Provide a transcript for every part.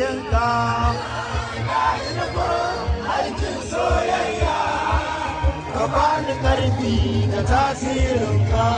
aikinka aikin soyayya ka bani karfi da ka.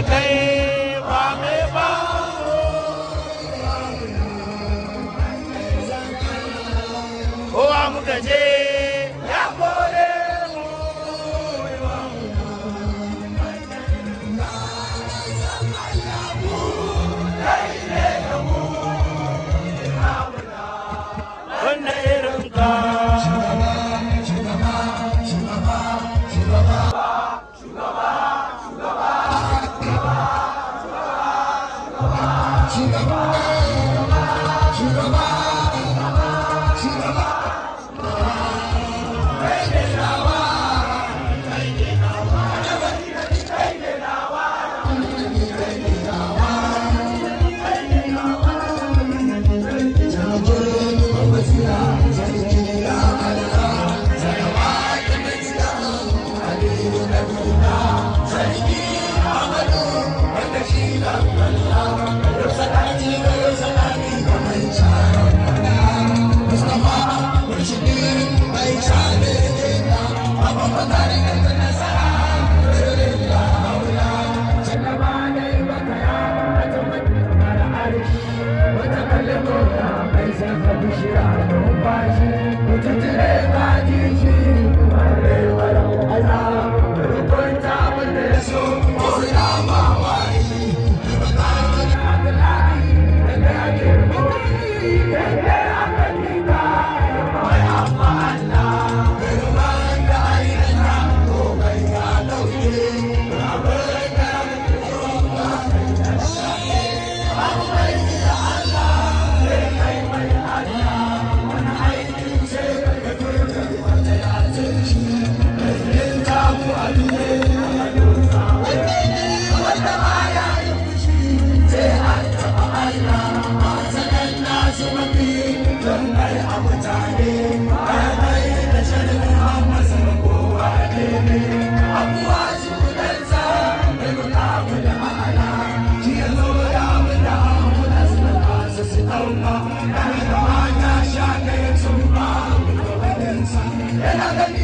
kai i sempre vigilar, não pode, não te direi.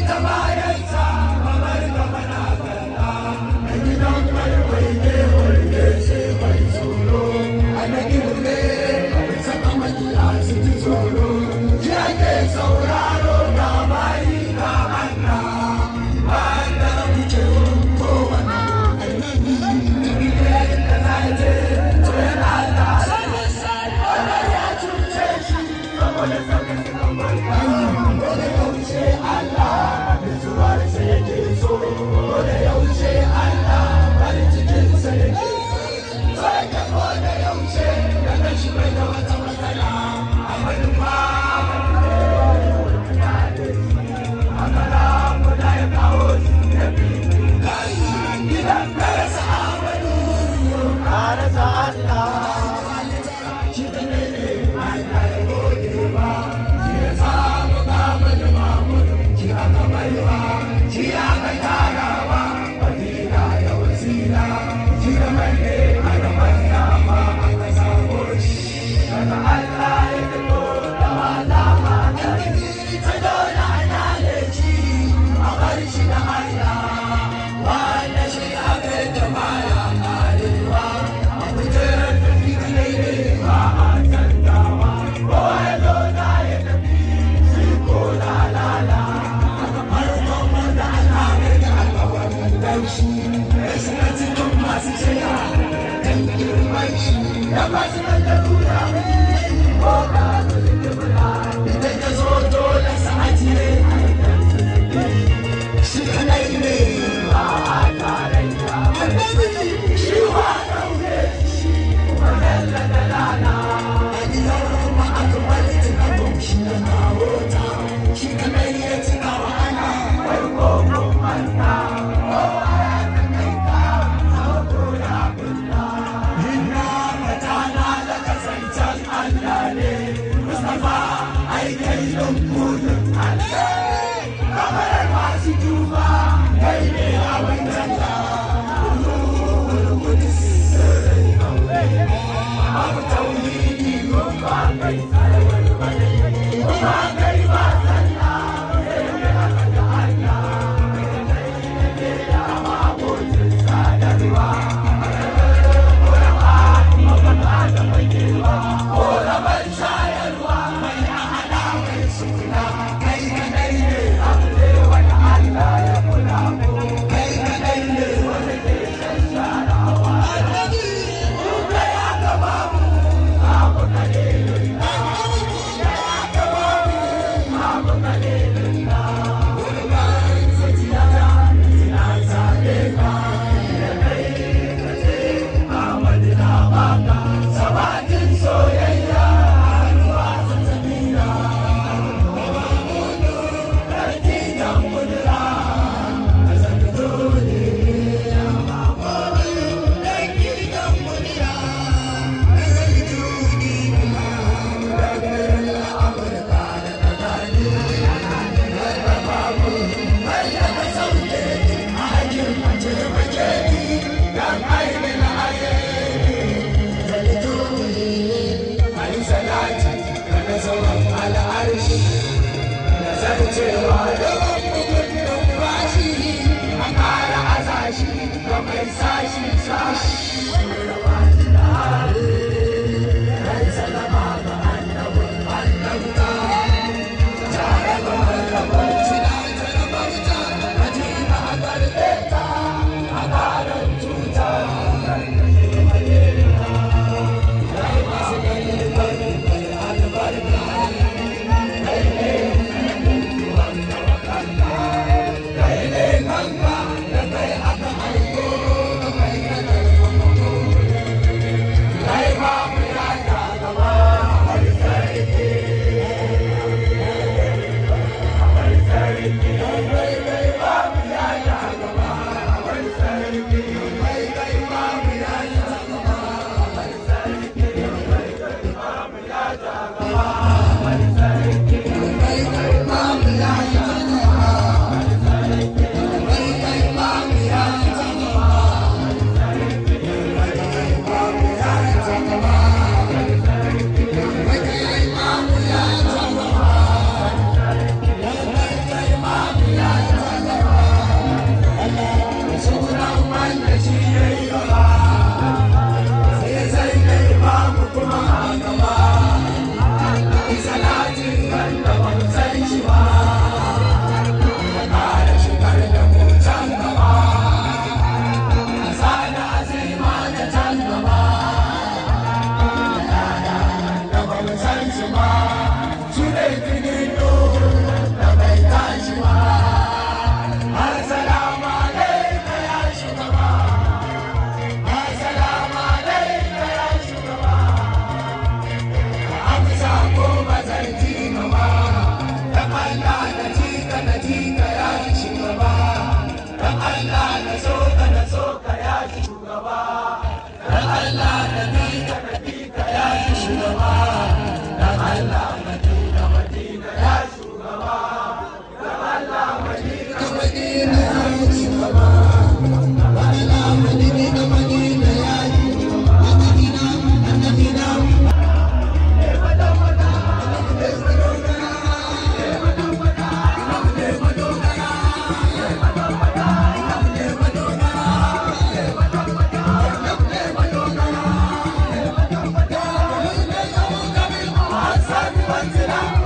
come on.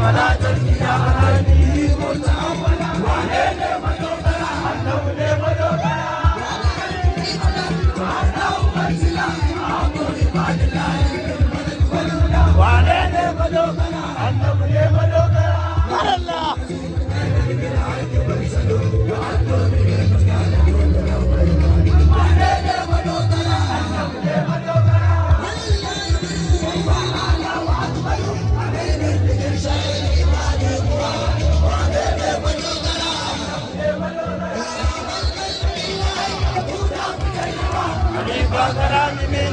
ولا تلني يا I'm gonna make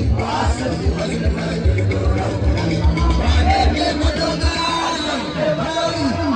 you mine. Mali.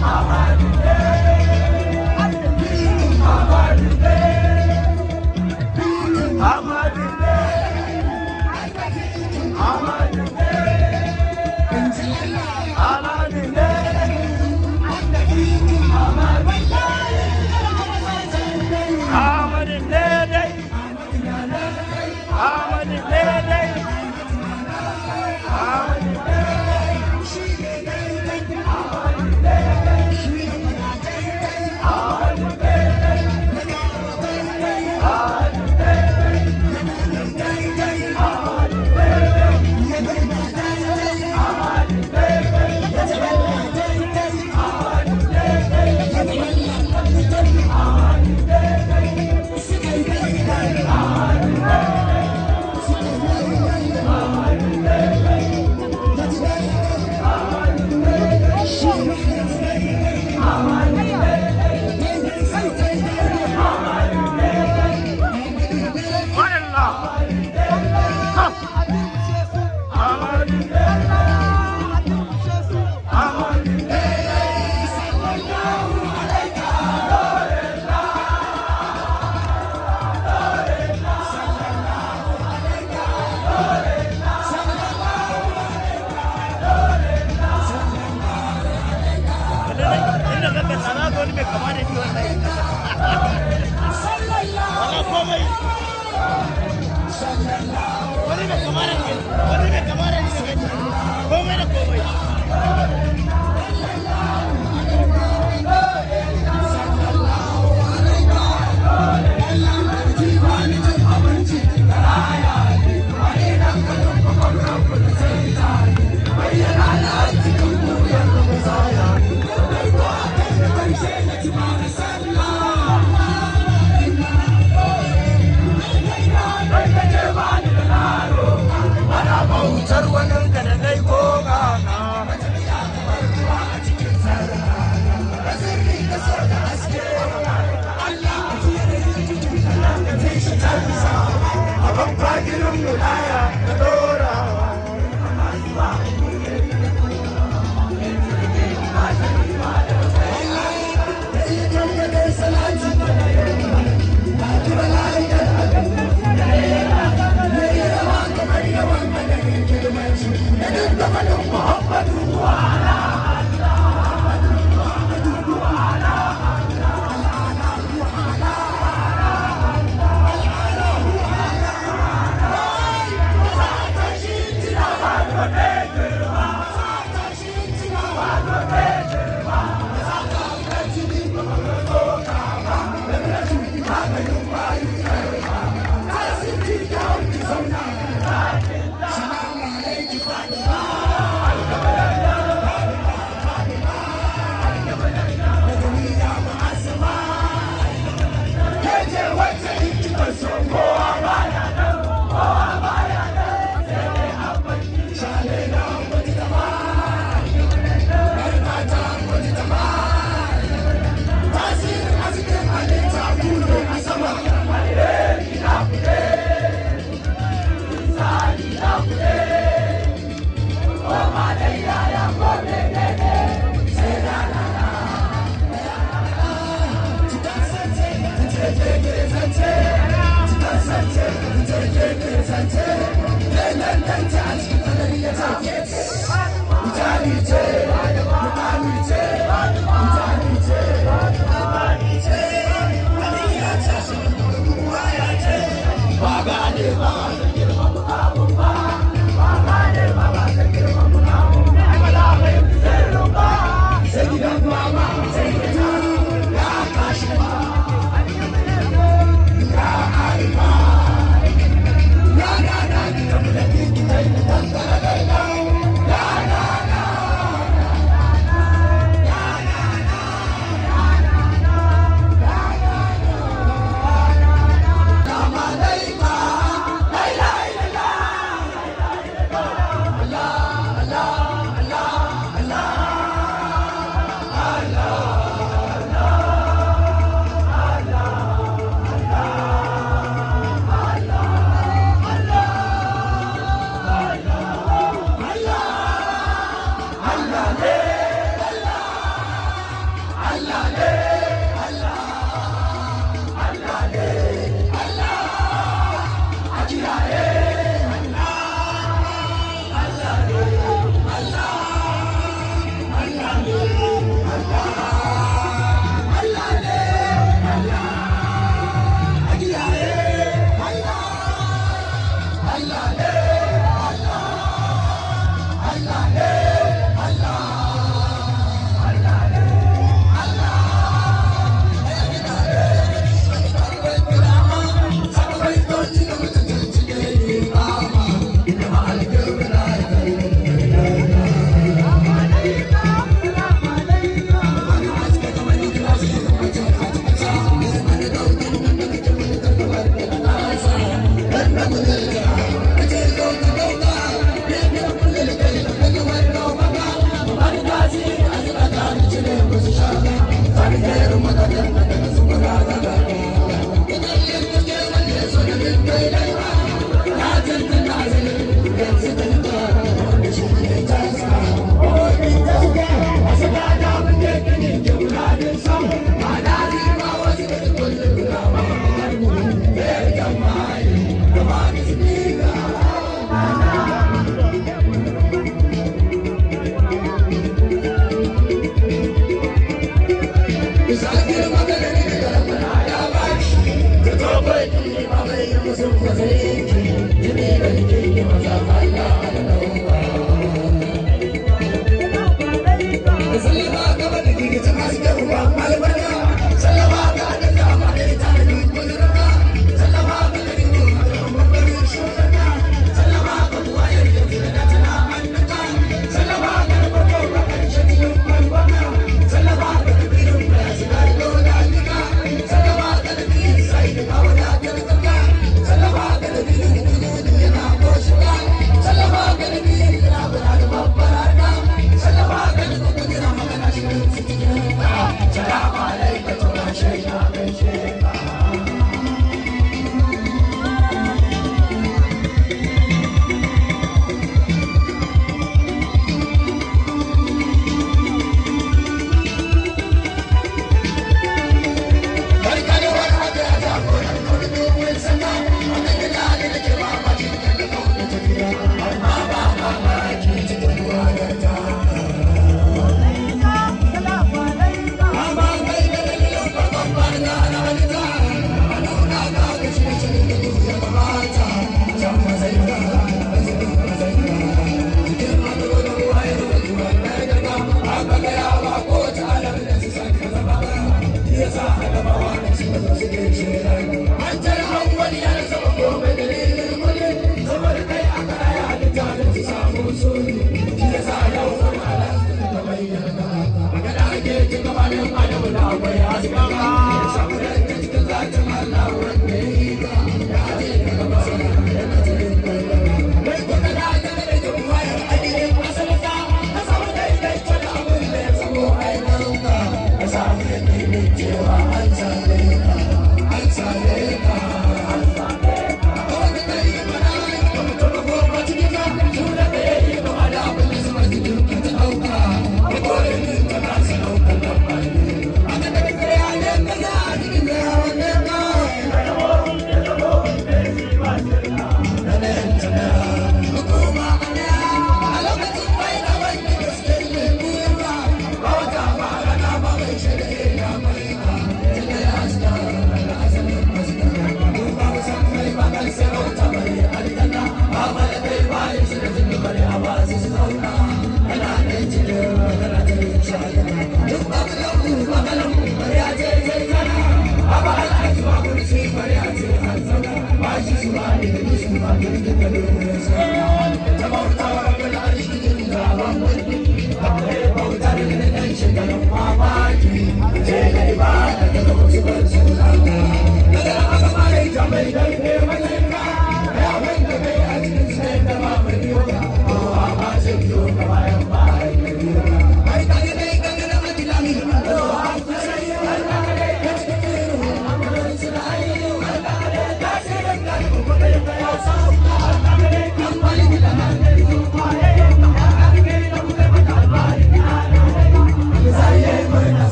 All right. you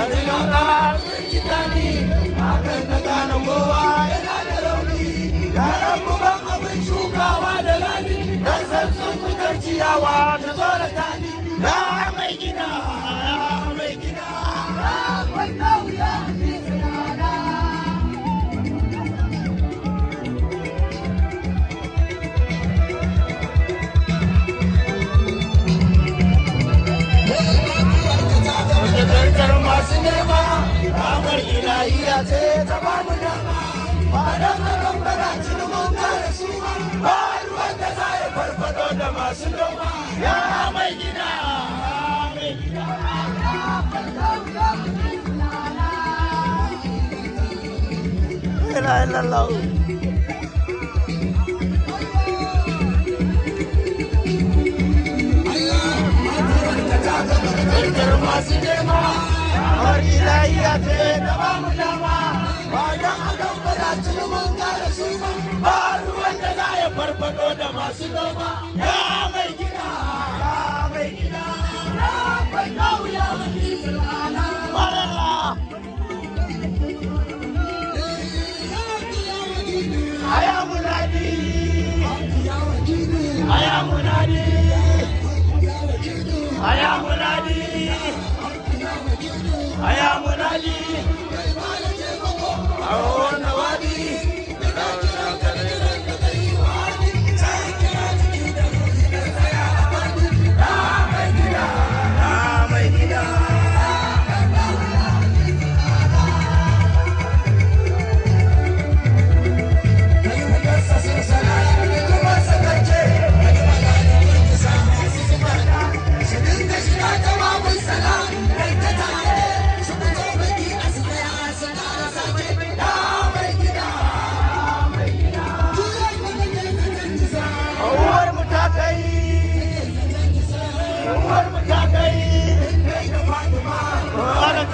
bari yanga firgita ni hakan na gane kowa yana da launi. yaran mu ban abin shukawa da lani dan san sun fitar ciyawa ta zo da na mai gina nema ramar ilahiya ce ta ba mu dama ba don cin mun da su ba ruwan da farfado da masu noma ya mai gida mai gida Kawar ilahiya ce da ba mu dama ba don a gan ba da mun su ba ba ruwan da za ya farfado da masu noma ya mai gida ya mai gida ya mai kawo mai gida I am Munadi. I am Munadi. I munadi a wannan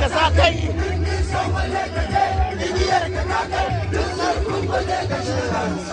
da sa kai igiyar ka kai duk sarkun ba zai kashe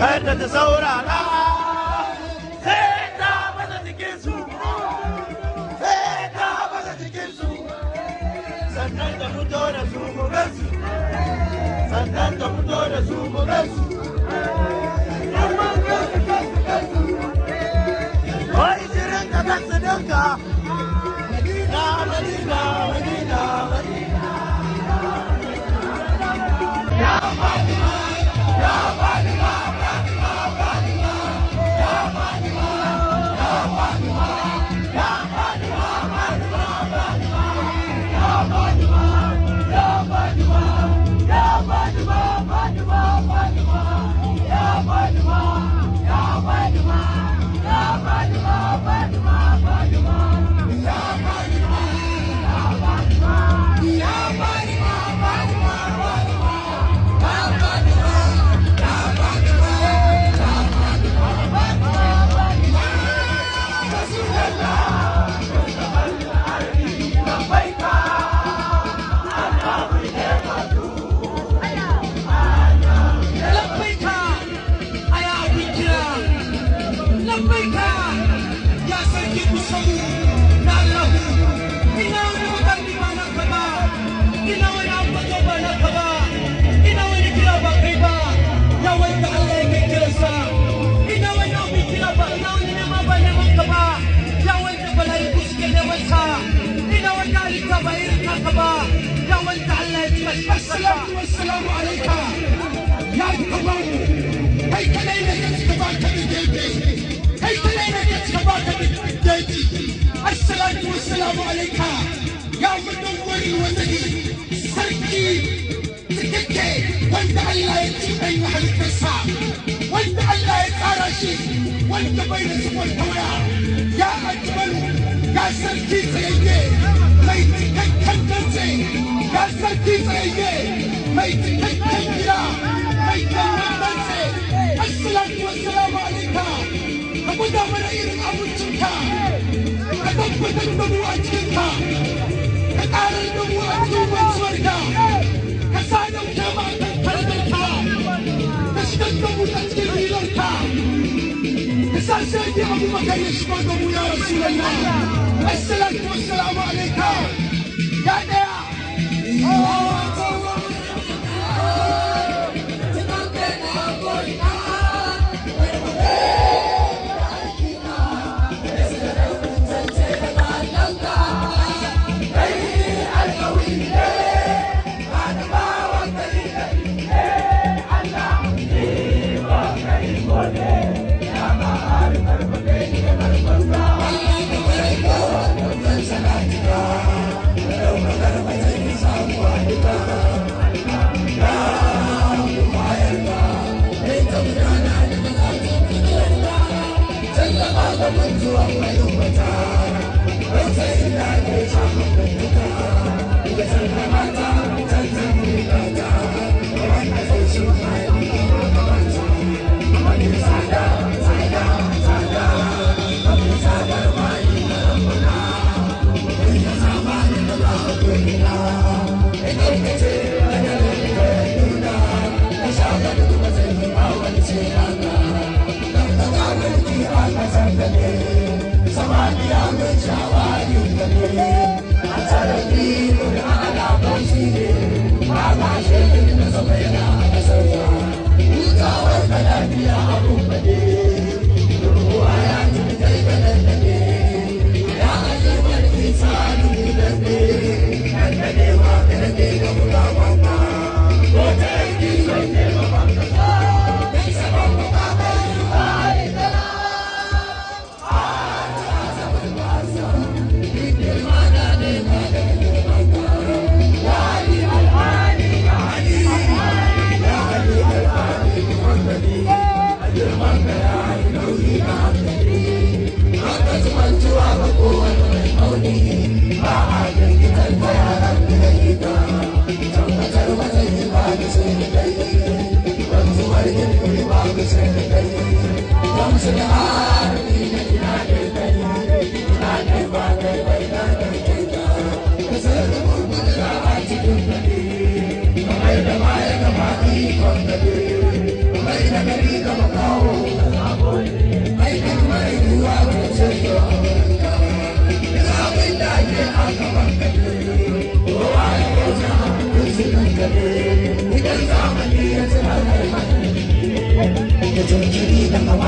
Kada ta saurara sai ta baza jikinsu, sai ta sannan ta fito da su yeah, ka yeah, da Assalamu alaikum. Yeah. Oh. to God.